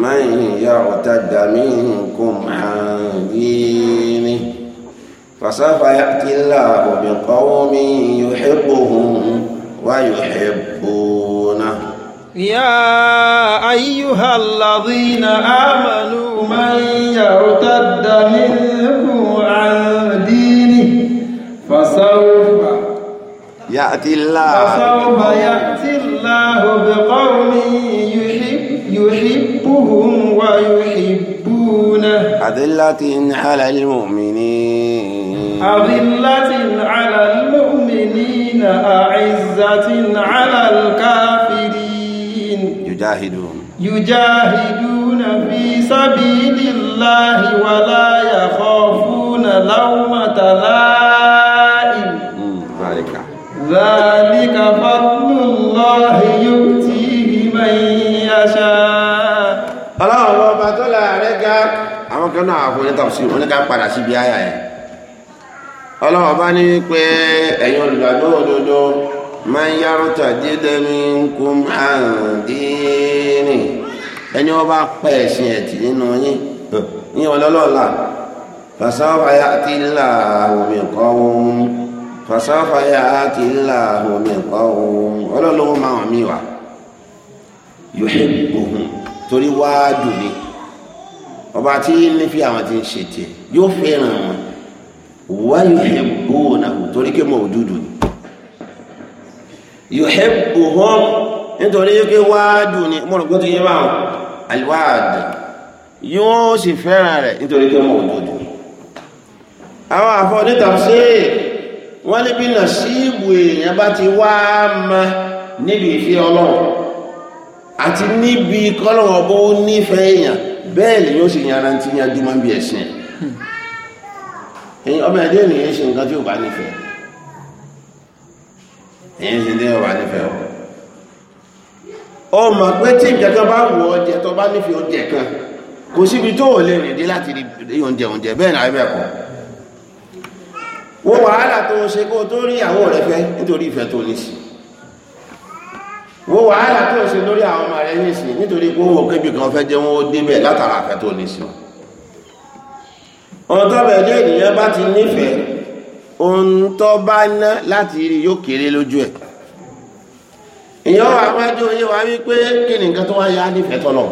S2: man yartadda minkum an dinihi fasawfa ya'ti Allahu biqawmin yuhibbuhum ويحبونه
S1: يا أيها الذين آمنوا من يرتد منكم عن دينه فسوف يأتي الله فسوف يأتي الله بقوم يحب يحبهم ويحبونه
S2: أذلة على المؤمنين
S1: أذلة على المؤمنين أعزة على الكافرين يجاهدون يجاهدون في سبيل الله ولا يخافون لومة لائم ذلك ذلك فضل الله يؤتيه من يشاء ọlọ́run ọba tó láàrẹ́ ga àwọn
S2: kan náà àfọyín tàbí sí oníkà padà síbi àyà yẹn ọlọ́wọ́ bá ní wípé ẹ̀yin olùgbàgbọ́ òdodo máa ń yárò tàdí dẹ́mi ń kún àǹdíìnì ẹni wọ́n bá pẹ́ ẹ̀sìn ẹ̀tì nínú yín ní ọlọ́lọ́la fasáfà ti là omi kọ́ ohun fasáfà wayuhibbunahu torí pé mawjudu ni yuhibbuhum nítorí pé wáàdù ni mo rò pé ó ti yé báwọn alwáàdù yóò sì fẹ́ràn rẹ̀ nítorí pé mawjudu ni àwọn àfọ onítàfsí wọ́n níbi nàṣíìbù èèyàn bá ti wá ma níbi ìfẹ́ ọlọ́run àti níbi kọ́lọ̀wọ̀ bó nífẹ̀ẹ́ èèyàn bẹ́ẹ̀ lè yóò sì yanrantí yanjú mọ́ bí ẹ̀sìn ẹ̀yin ọmọ ẹ̀dẹ́ ènìyàn ṣe nǹkan tí ò bá nífẹ̀ẹ́ ẹ̀yin o pé tí nǹkan bá wù ọ jẹ tó bá kan kò síbi tó rìn dé láti rí o ṣe tó rí rẹ nítorí tó ní sí wo wàhálà tó ṣe lórí àwọn ọmọ rẹ ní sí nítorí pé kébì kan wọn ó látara tó ní sí ohun tó bẹ̀ dé ènìyàn bá ti nífẹ̀ẹ́ ohun tó bá ná láti rí yóò kéré lójú ẹ̀ ìyẹn wà wájú yìí wá wípé kí ni nǹkan tó wá yá nífẹ̀ẹ́ tọ́lọ̀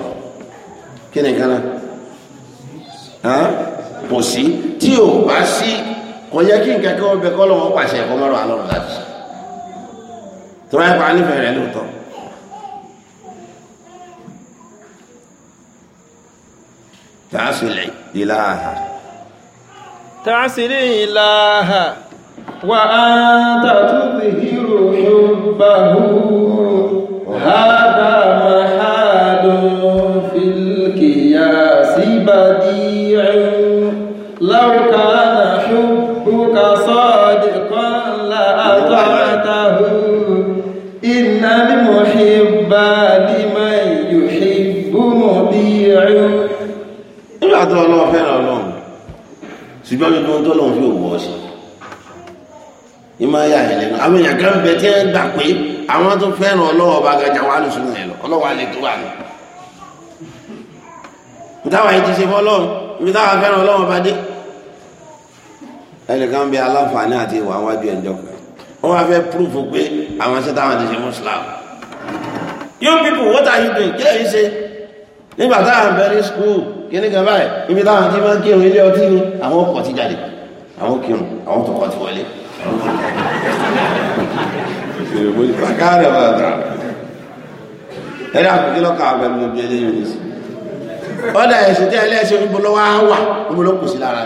S2: kí ni nǹkan náà kò sí tí ò bá sí kò yẹ kí nǹkan kí wọ́n bẹ kọ́ lọ́wọ́ pàṣẹ ẹ̀kọ́ mọ́rọ̀ alọ́rọ̀ láti tó wáyé pa nífẹ̀ẹ́ rẹ̀ lóòótọ́ tààsùlẹ̀ ìlàáhà
S1: تعسلي إله وأنت تظهر حبه هذا محال في الكياس بديع
S2: ṣùgbọ́n mi lóhun tó lóhun fi òwò ọ̀sẹ̀ ní máa yà ẹ̀ lẹ́nu àwọn èèyàn kan bẹ tí ẹ gbà pé àwọn tó fẹ́ràn ọlọ́wọ́ bá gajà wà lóṣù náà lọ ọlọ́wọ́ alẹ́ tó wà ní. ìtawà yìí ti ṣe fọ́ lọ́wọ́ ibi fẹ́ràn ọlọ́wọ́ bá dé. ẹnìkan bẹ aláǹfààní àti ìwà wájú ẹ̀jọ̀ pẹ̀ wọ́n wá fẹ́ púrúfù pé àwọn ṣẹ́ táwọn ti ṣe muslim. you people what are you doing kí lè ṣe nígbà táwọn bẹ̀rẹ̀ school kíní kan báyìí ibi táwọn tí máa ń kírun ilé ọtí ni àwọn ọkọ̀ ti jáde àwọn kírun àwọn tọkọ ti wọlé. ẹ dá àkókò lọ́kà àbẹ̀mí obi ọ̀dà ẹ̀sìn tí ẹlẹ́sìn ìbọlọ́wọ́ á wà ìbọlọ́kù sí lára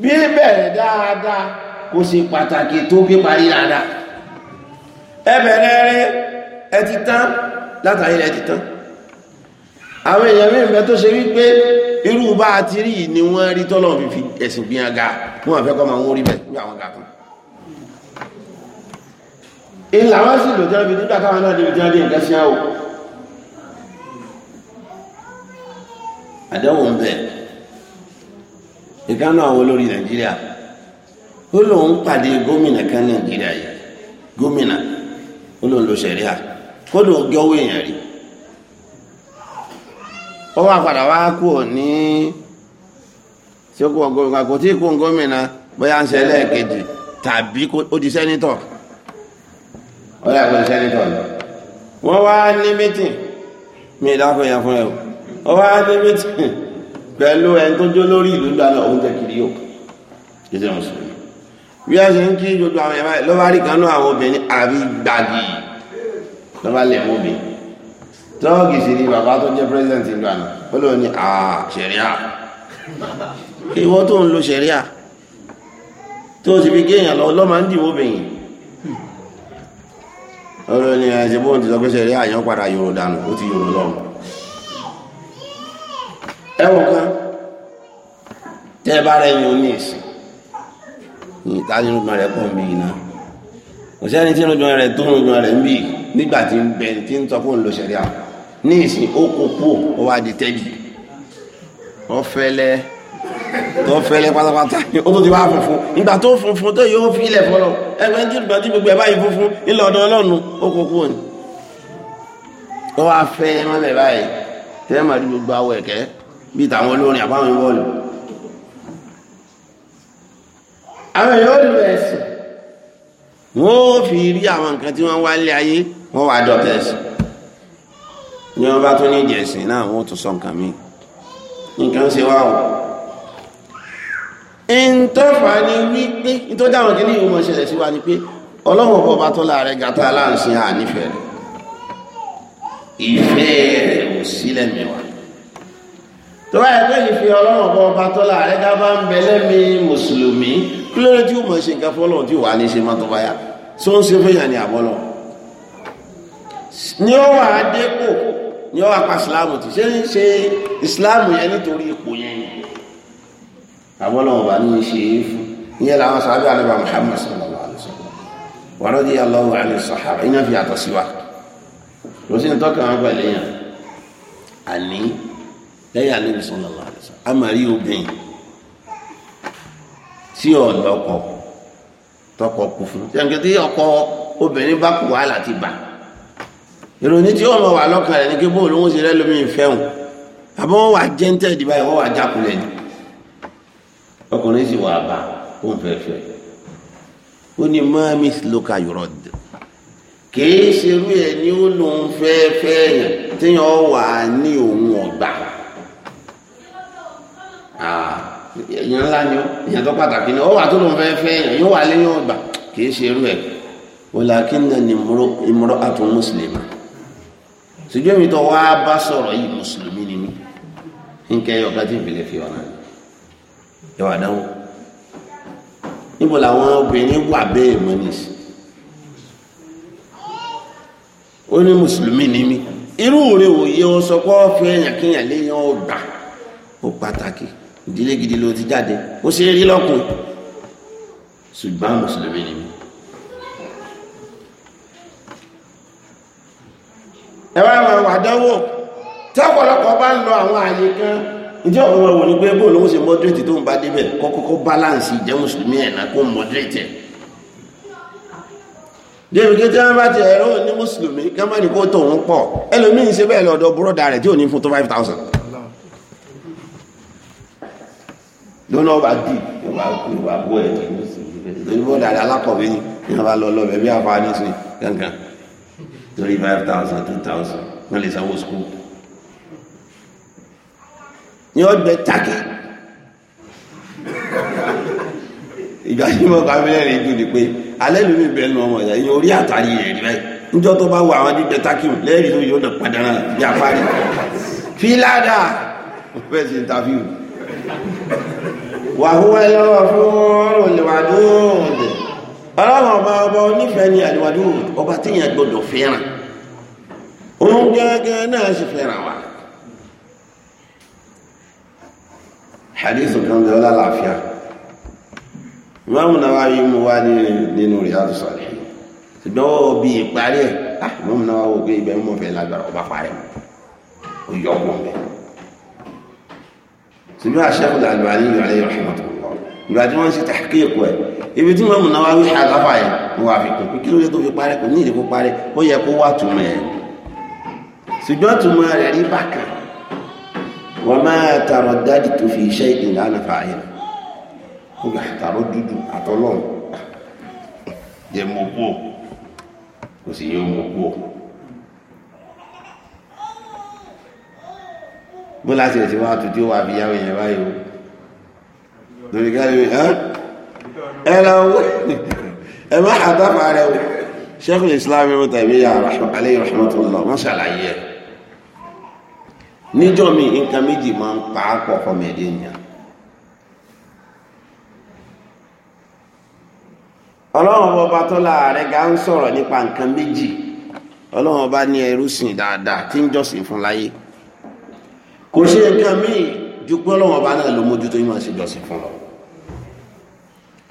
S2: bí bẹ̀rẹ̀ dáadáa kò ṣe pàtàkì tó bí parí dáadáa. ẹ ẹ ti tán látàrí rẹ ti tán àwọn èèyàn mí bẹ tó ṣe wípé irú bá a ti rí ni wọ́n rí tọ́lọ̀ fífi ẹ̀sìn gbìyànga wọ́n fẹ́ kọ́ máa wọ́n rí bẹ̀ ní àwọn gàtún ilà wọ́n sì lòjọ́ ibi nígbà táwọn náà níbi jáde nǹkan sí àwò àdẹ́wọ̀n bẹ̀ ìkánú àwọn olórí Nàìjíríà ó lòun pàdé gómìnà kan Nàìjíríà ó wá padà wá kú ní tí ó kú ọgọ́mìnà kò tí kú gómìnà bóyá ń ṣe lẹ́ẹ̀kejì tàbí ó di sẹ́nítọ̀ ó yà kó di sẹ́nítọ̀ wọ́n wá ní mítìn mi ìdáko yẹn fún ẹ o ó wá ní mítìn pẹ̀lú ẹni tó jó lórí ìlú ńlá náà oúnjẹ kiri yóò kí ṣe mùsùlùmí bí a ṣe ń kí gbogbo àwọn ẹ̀fà ló bá rí kan náà àwọn obìnrin àbí gbàgì ló lè mú obìnrin tọ́ọ̀gì sí ni bàbá tó jẹ́ president ìgbà náà ó lóun ní ṣẹ̀ríà ìwọ tó ń lo ṣẹ̀ríà tó ti fi géèyàn lọ ọlọ́mọ ń dìbò bẹ̀yìn ọ̀rọ̀ ni ẹ̀ṣẹ̀ bóun ti sọ pé ṣẹ̀ríà yẹn padà yòrò dànù ó ti yòrò lọ́wọ́ ẹwọ̀n kan tẹ́ bá rẹ̀ yìí ó ní ìsìn ìtàdínlógún rẹ̀ pọ̀ ń bí iná òṣèré tí ó rẹ̀ tó ń rẹ̀ ń bí nígbà tí ń ní ìsìn ó kó kú ó wá di tẹ́jì ó fẹ́lẹ́ tó fẹ́lẹ́ pátápátá ó tó ti wá funfun ìgbà tó funfun tó yóò fi ilẹ̀ fọlọ ẹgbẹ́ tí ìgbà tí gbogbo ẹ̀ báyìí funfun ńlọ ọ̀dọ̀ ọlọ́run ó kó kú òní ó wá fẹ́ mọ́lẹ̀ báyìí tẹ́ máa di gbogbo awọ ẹ̀kẹ́ bíi tàwọn olórin àbáwọn ìwọ́lù àwọn èèyàn ó lu ẹ̀sìn wọ́n ó fi rí àwọn nǹkan tí wọ́n wá lé ayé wọ́n wá dọ̀tẹ̀ ẹ̀sìn ní wọ́n bá tún ní ìjẹ̀sìn náà wọ́n tún sọ nǹkan mi nǹkan ṣe wá o in tó fà ní wípé in tó dáhùn kí ní ìwọ̀n ṣẹlẹ̀ sí wa ni pé ọlọ́run ọ̀pọ̀ bá tó láàrẹ gàtà aláǹsìn ànífẹ́ rẹ̀ ìfẹ́ rẹ̀ ò sílẹ̀ mẹ́wàá tó bá pé ìfẹ́ ọlọ́run ọ̀pọ̀ bá tó láàrẹ gá ń bẹ lẹ́mí mùsùlùmí kí ló tí ó mọ̀ ṣe nǹkan fọ́lọ́run tí ò ní ṣe mọ́ tó bá tó ń ṣe fẹ́yà ní àbọ́lọ́ ni ó wà á dépò ni ó wà pa ìsìláàmù tí ṣe ń ṣe ìsìláàmù yẹn nítorí ipò yẹn àbọ́lọ́wọ́ bá ní ṣe é fún ìyẹn làwọn sàábẹ́ àlebà Muhammad sallallahu alaihi wasallam wa radiyallahu anil sahaba iná fi àtọ̀ sí wa kò sí ní tọ́ka wọn pẹ̀lú yẹn àní lẹ́yìn àlebi sallallahu alaihi wasallam a máa rí obìnrin tí ọ̀dọ́kọ̀ tọkọ̀ kù fún tí ọkọ̀ obìnrin bá kù wàhálà ti bà á ìròyìn tí wọ́n mọ̀ wà lọ́kàn rẹ̀ ní kí bóòlù wọn ṣe lẹ́lómi ìfẹ́hùn àbọ̀ wọn wà jẹ́ńtẹ̀ dìbà ìwọ́n wà jákulẹ̀ ni ọkùnrin sì wà bá ó ń fẹ́fẹ́ ó ní mọ́mí lóka yọ̀rọ̀ dẹ̀ kìí ṣerú ẹ̀ ní ó lòun fẹ́ẹ́fẹ́ yẹn téèyàn wà ní òun ọ̀gbà èèyàn ńlá ni ó èèyàn tó pàtàkì ni ó wà tó lòun fẹ́ẹ́fẹ́ yẹn yóò wà lẹ́yìn ọ̀gbà kìí ṣerú ẹ̀ wọ́n làákí ni ìmúrọ̀ àtún mùsùlùmí ṣùgbọ́n mi tó wá bá sọ̀rọ̀ yìí mùsùlùmí ni mí nkẹ́ ọ̀gá tí ìbílẹ̀ fi ọ̀nà ìwà dánwò níbo làwọn obìnrin wà bẹ́ẹ̀ mọ́ nísì ó ní mùsùlùmí ni mí irú òre òye wọn sọ pé wọ́n fi ẹ̀yàn kíyàn léyàn ọgbà ó pàtàkì ìdílé gidi ló ti jáde ó ṣe rí lọ́kùn ṣùgbọ́n mùsùlùmí ni ẹwà àwọn àdánwò tí ọ̀pọ̀lọpọ̀ bá ń lọ àwọn kan ọ̀pọ̀lọpọ̀ ní pé bóò tó ń bá débẹ̀ kọ́kọ́kọ́ balance ìjẹ́ kó ẹ̀ débi kí tí wọ́n bá ti ẹ̀rọ ní kó tó ń pọ̀ bẹ́ẹ̀ lọ́dọ̀ búrọ́dà rẹ̀ tí ò ní fún tó lónà ọba dì ìwà bó ẹ̀ torí five thousand two thousand wọ́n lè sanwó sukùl ní ọgbẹ́ tàkì ìgbà tí mo kà mílẹ̀ rìn jù ni pé alẹ́ mi mi bẹ̀rẹ̀ nu ọmọ ìyá yìí orí àtàrí rẹ̀ rí báyìí níjọ́ tó bá wọ àwọn jíjẹ tákì lẹ́yìn tó yóò nà padà náà bí afárí fíládà mo fẹ́ ṣe interview wàhúwẹ́ lọ́wọ́ fún olùwàdùn aláwọ̀ ọba ọba onífẹ̀ẹ́ ni àdìwàdú ọba téèyàn gbọdọ̀ fẹ́ràn òun gẹ́gẹ́ náà sì fẹ́ràn wa hadithu kan bẹ ọlá láàfíà ìmáàmù náà yìí mú wá nínú Riyadu Salihin ṣùgbọ́n ó bí ìparí ẹ̀ ìmáàmù ah, náà wò pé ibẹ̀ mú fẹ́ ìgbà tí wọ́n ń ṣe tàkì ẹ̀kọ́ ẹ̀ ibi tí wọ́n mú náwá wí àgáfà yẹn wọ́n wà fi kún kí ló yẹ tó fi parẹ́ kò ní ìdí kó parẹ́ ó yẹ kó wà túmọ̀ ẹ̀ ṣùgbọ́n túmọ̀ rẹ̀ rí bákan wọ́n máa tààrọ̀ dáàdì tó fi iṣẹ́ ìlànà fàáyà ó gbà tààrọ̀ dúdú àtọ́lọ́run jẹ́ mọ́ kú ò kò sì yẹ mọ́ kú ò. bó láti ẹ̀ ti wá tutù wà fi yáwó yẹn báyìí lórí gáàrí ẹ̀rọ ẹ má àdáfà rẹ o Sheikhul Islam Ibn Taymiyyah alayhi rahmatullah عليه ṣàlàyé ẹ̀ níjọ́ mi nǹkan méjì máa ń pa á pọ̀ fọmọ ẹ̀dẹ́ ènìyàn ọlọ́run ọba tó láàárẹ̀ ga ń sọ̀rọ̀ nípa nǹkan méjì ọlọ́run ọba ní ẹrú sìn dáadáa tí ń jọ́sìn fún láyé kò ṣe nǹkan míì ju pé ọlọ́run ọba náà ló mójútó yín máa ṣe jọ́sìn fún lọ.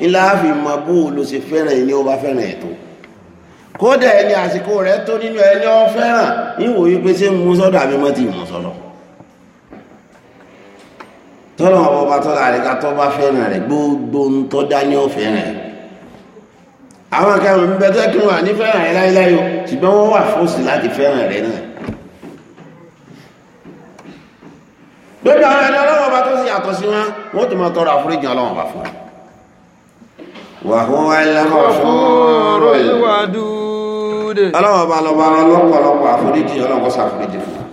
S2: ńlá fi mọ̀ bó o ló ṣe fẹ́ràn ẹni ó bá fẹ́ràn ẹ̀ tó ẹni àsìkò rẹ̀ tó nínú ẹni ó fẹ́ràn níwò wípé ṣé mú sọ́dọ̀ àbí mọ́ ti mú sọ́dọ̀ tọ́lọ̀ ọba tọ́lá rẹ̀ ká tọ́ bẹ kí ní fẹ́ràn rẹ̀ láíláyò ṣùgbọ́n wọ́n wà láti fẹ́ràn rẹ̀ náà gbogbo àwọn ẹni ọlọ́wọ́ bá tó sì yàtọ̀ sí wọn wàhúwà ìlàmọ̀fúnrò ìwàdúdè ọlọ́wọ́ bá lọ́wọ́ lọ́pọ̀lọpọ̀ àforíjì ọlọ́wọ́ sàforíjì fún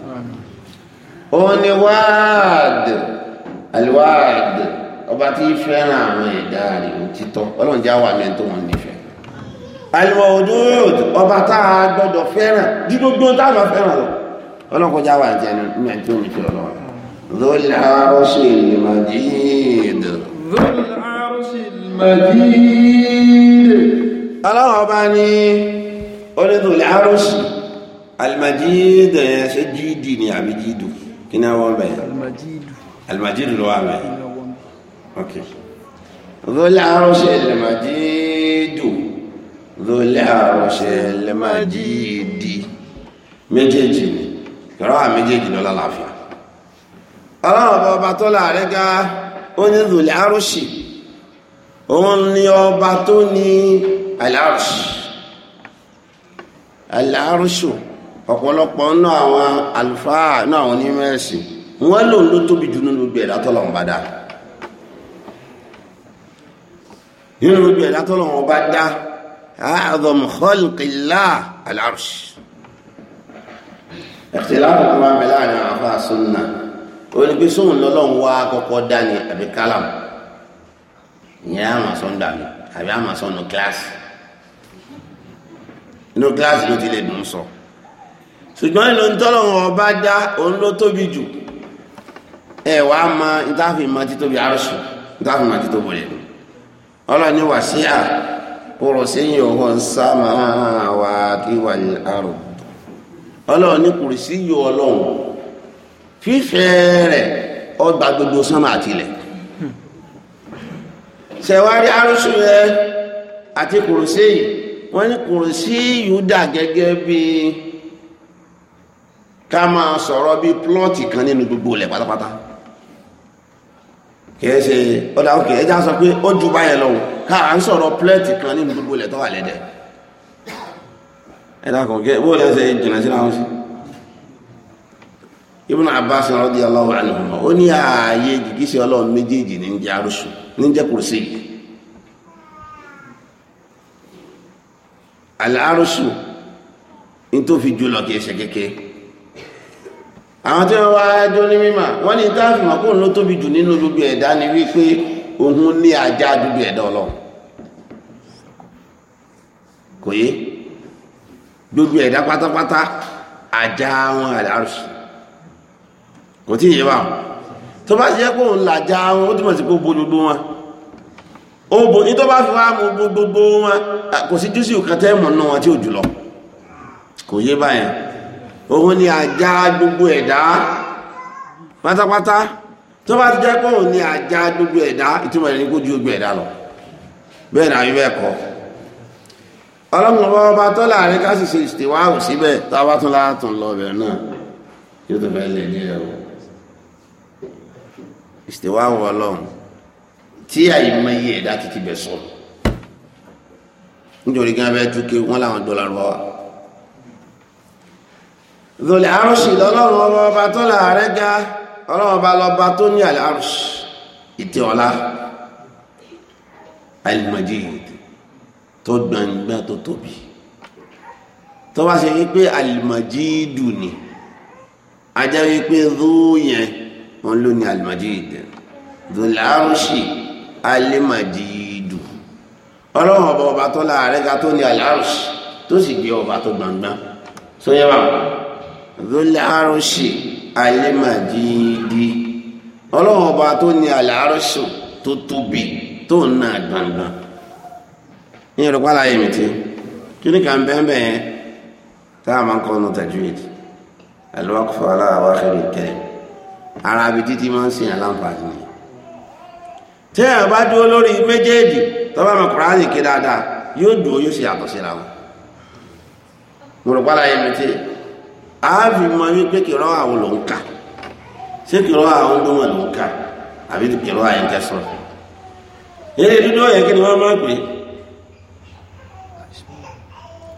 S2: òun ni wáàdì àlùwáàdì ọba tí fẹ́ràn àwọn ẹ̀dá rẹ̀ òtítọ́ ọlọ́run já wà mẹ́ tó wọn nífẹ̀ẹ́ àlùwàdúd ọba tá a gbọ́dọ̀ fẹ́ràn dídógbó
S1: Al-Majid. Ọlọ́run ọba ní
S2: onídùúlẹ̀ arúsì Al-Majid yẹn ṣe jíìdì ní àbí jíìdù kí ni àwọn ọbẹ̀ Al-Majid ló wà bẹ̀ ok Dhul arúsì Al-Majid arúsì al méjèèjì ni kẹrọ́wà méjèèjì lọ lálàáfíà ọlọ́run ọba tó láàrẹ́ ga onídùúlẹ̀ arúsì òun ni ọba tó ní aláàrùsù aláàrùsù ọ̀pọ̀lọpọ̀ nínú àwọn àlùfáà nínú àwọn onímẹ̀ẹ̀sì wọ́n lòun ló tóbi jù nínú gbogbo ẹ̀dá tọ́lọ̀ ń bá dá nínú gbogbo ẹ̀dá tọ́lọ̀ ń bá dá àádọ́m aláàrùsù ẹ̀kìlá kọ̀ọ̀kan wà mẹ́lá àwọn afáà sọ́nà onígbésóhùn lọ́lọ́run wá kọ́kọ́ àbíkálàmù ìyẹn àmà sọ́ńdà mi àbí àmà sọ́nù kíláàsì inú ló ti lè dùn sọ ṣùgbọ́n ń tọ́lọ̀ wọn ọba dá òun ló tóbi jù ẹ wà á mọ ìtàfin mọ títóbi àrùsù ìtàfin mọ títóbi rẹ ọlọ́ni wà sí à kúrò sẹ́yìn ọ̀họ́ ń sá máa wà kí wà ní ọlọ́ni kùrì sí gbogbo sánmà àtìlẹ̀ ṣẹ̀wárí arúṣù yẹn àti kùrùsí yìí wọ́n ní kùrùsí yìí dà gẹ́gẹ́ bí ká máa sọ̀rọ̀ bí plọ́ọ̀tì kan nínú gbogbo ilẹ̀ pátápátá kìí ṣe òkè ẹja sọ pé ó ju báyẹn lọ ká à ń kan nínú gbogbo ilẹ̀ tó wà lẹ́dẹ̀ ẹ̀dá kan kẹ́ bó lẹ́sẹ̀ jìnnà sí láwọn sí Ibn Abbas radiyallahu anhu ó ní ààyè níjẹ́ kùrùsí yìí àlàárùsù nítorí jùlọ kìí ṣe kéke àwọn tí wọ́n wá jọ ní mímọ̀ wọ́n ní táàfì mọ̀ kóun ló tóbi jù nínú gbogbo ẹ̀dá ni wípé òun ní ajá gbogbo ẹ̀dá ọlọ́run kò yé gbogbo ẹ̀dá pátápátá ajá wọn àlàárùsù kò tí ì yé báwọn tó bá ṣe kó ń làjá wọn ó túnmọ̀ sí kó bo gbogbo wọn ó bo ní tó bá fi wá mú bo gbogbo wọn kò sí júsì kan tẹ́ mọ̀ náà tí ò jùlọ kò yé báyẹn òun ni àjá gbogbo ẹ̀dá pátápátá tó bá ti jẹ́ pé òun ni àjá gbogbo ẹ̀dá ìtumọ̀ ẹ̀dá ni kó ju gbogbo ẹ̀dá lọ bẹ́ẹ̀ ni àbí bẹ́ẹ̀ kọ́ ọlọ́run ọba ọba tó láàrin ká sì ṣe ìṣèwà òsíbẹ̀ tó a bá tún látún lọ bẹ̀rẹ̀ náà yóò tó fẹ́ lè ní ẹ̀rọ ìsìtẹ̀wá àwọn ọlọ́run tí àìmọye ẹ̀dá ti ti bẹ̀ sọ nítorí gan abẹ́ túnké wọ́n láwọn dọ́là rọ wa lọ́lẹ̀ arúṣì lọ́lọ́run ọba ọba tó láàrẹ́ ga ọlọ́run ọba lọ́ba tó ní àlẹ́ arúṣì ìtẹ́ ọlá al-Majid tó gbangba tó tóbi tó bá ṣe wípé al-Majidu ni ajá wípé rú yẹn wọn ló ní alimajid dùlárùsì alimajidu ọlọ́run ọba ọba tó láàárẹ̀ ga tó ní alárùsì tó sì gbé ọba tó gbangba sóyè wà dùlárùsì alimajidi ọlọ́run ọba tó ní alárùsì tó tóbi tó ná gbangba ní ìrọ̀pá láyé mi ti kí ni kà ń bẹ́ẹ̀ bẹ́ẹ̀ tá a máa ń kọ́ ọ́nà tajwid alwaqfu ala awakhir alkalim ara bi títí máa ń sìn aláǹfààní ni tí ẹ bá dúró lórí méjèèjì tó bá mọ kùránì ké dáadáa yóò dúró yóò sì yàtọ̀ síra wọn mo rò pálá yẹn mi tí ààfin mọ wípé kìrọ àwọn ló ń kà ṣé kìrọ àwọn gbọmọ ló ń kà àbí kìrọ àyẹn tẹ sọ̀rọ̀ eré dúdú ọyẹ kí ni wọn máa pè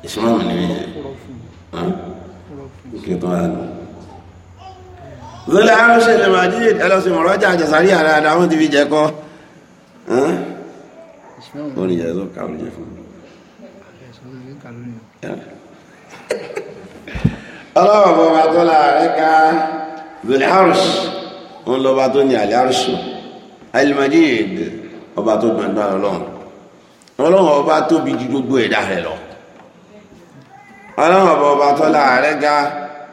S2: ìsúnmọ́ mi nìyẹn kí tó wà lọ lọ́lẹ̀ aránṣẹ́ lè máa jíjẹ ẹlọ́sìn mọ̀rọ́jà àjẹsàrí àrà àdáwọn ti fi jẹ kọ́ orin yẹ ló kàwé jẹ fún mi. ọlọ́wọ́ bọ́ bá tó láàrẹ́ ká lọ́lẹ̀ aránṣẹ́ wọn lọ bá tó ní àlẹ́ aránṣẹ́ alimajid ọba tó gbọ̀ngbà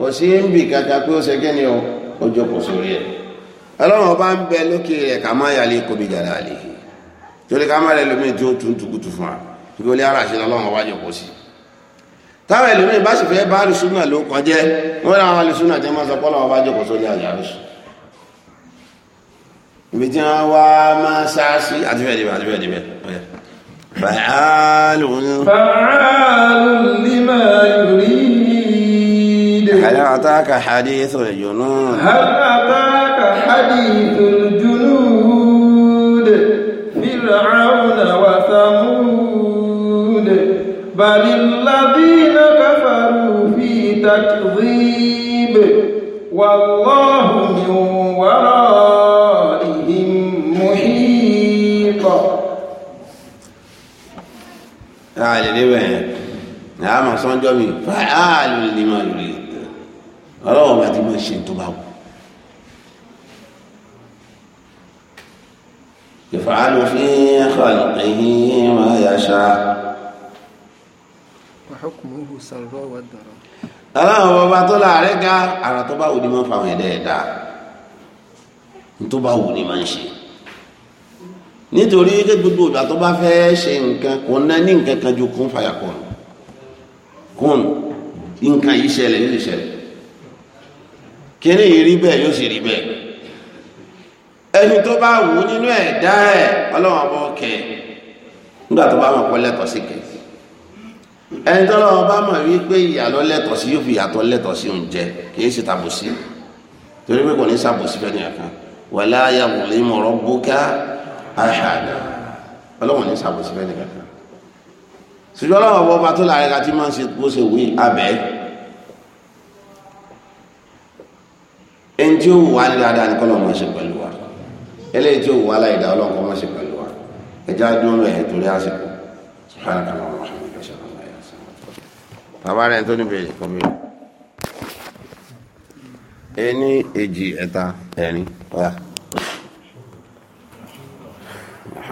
S2: kò sí ń bì kàkà pé ó ṣe ni ó jókòó sórí ẹ̀ ọlọ́run ọba ń bẹ lókè rẹ̀ ká má torí ká má rẹ̀ lómi tí ó tún tukutu fún wa kí ó lé ara ṣe sí táwọn ẹlòmí bá sì fẹ́ bá ló wọ́n àwọn sọ sórí àjà ibi tí wọ́n wá máa أتاك حديث الجنود هل
S1: أتاك حديث الجنود
S2: فرعون
S1: وثمود بل الذين كفروا في تكذيب والله من ورائهم محيط
S2: أعلى لبين نعم صنجمي فعال لما يريد ọlọ́wọ́ bá ti mọ̀ ṣe tó bá wù. يفعل في خلقه ما يشاء وحكمه سراء والضراء ọlọ́run ọba tó láàrẹ́ ga ara tó bá wù ní máa ń fa àwọn ẹ̀dá ẹ̀dá tó bá wù ní máa ń ṣe nítorí pé gbogbo ìgbà tó bá fẹ́ ṣe nǹkan kò ná ní nǹkan kan ju kún fàyàkùn kún nǹkan yìí ṣẹlẹ̀ yìí ṣẹlẹ̀ kíní yìí rí bẹ́ẹ̀ yóò sì rí bẹ́ẹ̀ ẹni tó bá wù ú nínú ẹ̀dá ẹ̀ ọlọ́wọ́n bọ́ kẹ́ nígbà tó bá mọ̀ pọ́ lẹ́tọ̀ọ́ sí kẹ́ ẹni tó lọ́wọ́ bá mọ̀ wípé ìyàlọ́ lẹ́tọ̀ọ́ sí yóò fi ìyàtọ̀ lẹ́tọ̀ọ́ sí oúnjẹ kì í ṣe tàbùsí torí pé kò ní sàbùsí fẹ́ ní ẹ̀kan wà láyà wò lè mọ̀ rabbuka ahada ọlọ́wọ́n ní sàbùsí fẹ́ ní ẹ̀kan ṣùgbọ́n ọlọ́wọ́ bá tó láàrin láti máa ń ṣe bó ṣe wí abẹ́ ẹni tí ó wù wá dáadáa ní kọ́lọ́ máa ṣe pẹ̀lú wa eléyìí tí ó wù wá láì dá ọlọ́run kọ́ máa ṣe pẹ̀lú wa ẹja dúró ẹ̀ torí àsìkò sùpàrọ̀ kan lọ́wọ́ ṣe wọ́n ṣe wọ́n láyà sí bàbá rẹ̀ tó ní bèrè mi. ẹni èjì ẹ̀ta ẹ̀rin ọ̀yà.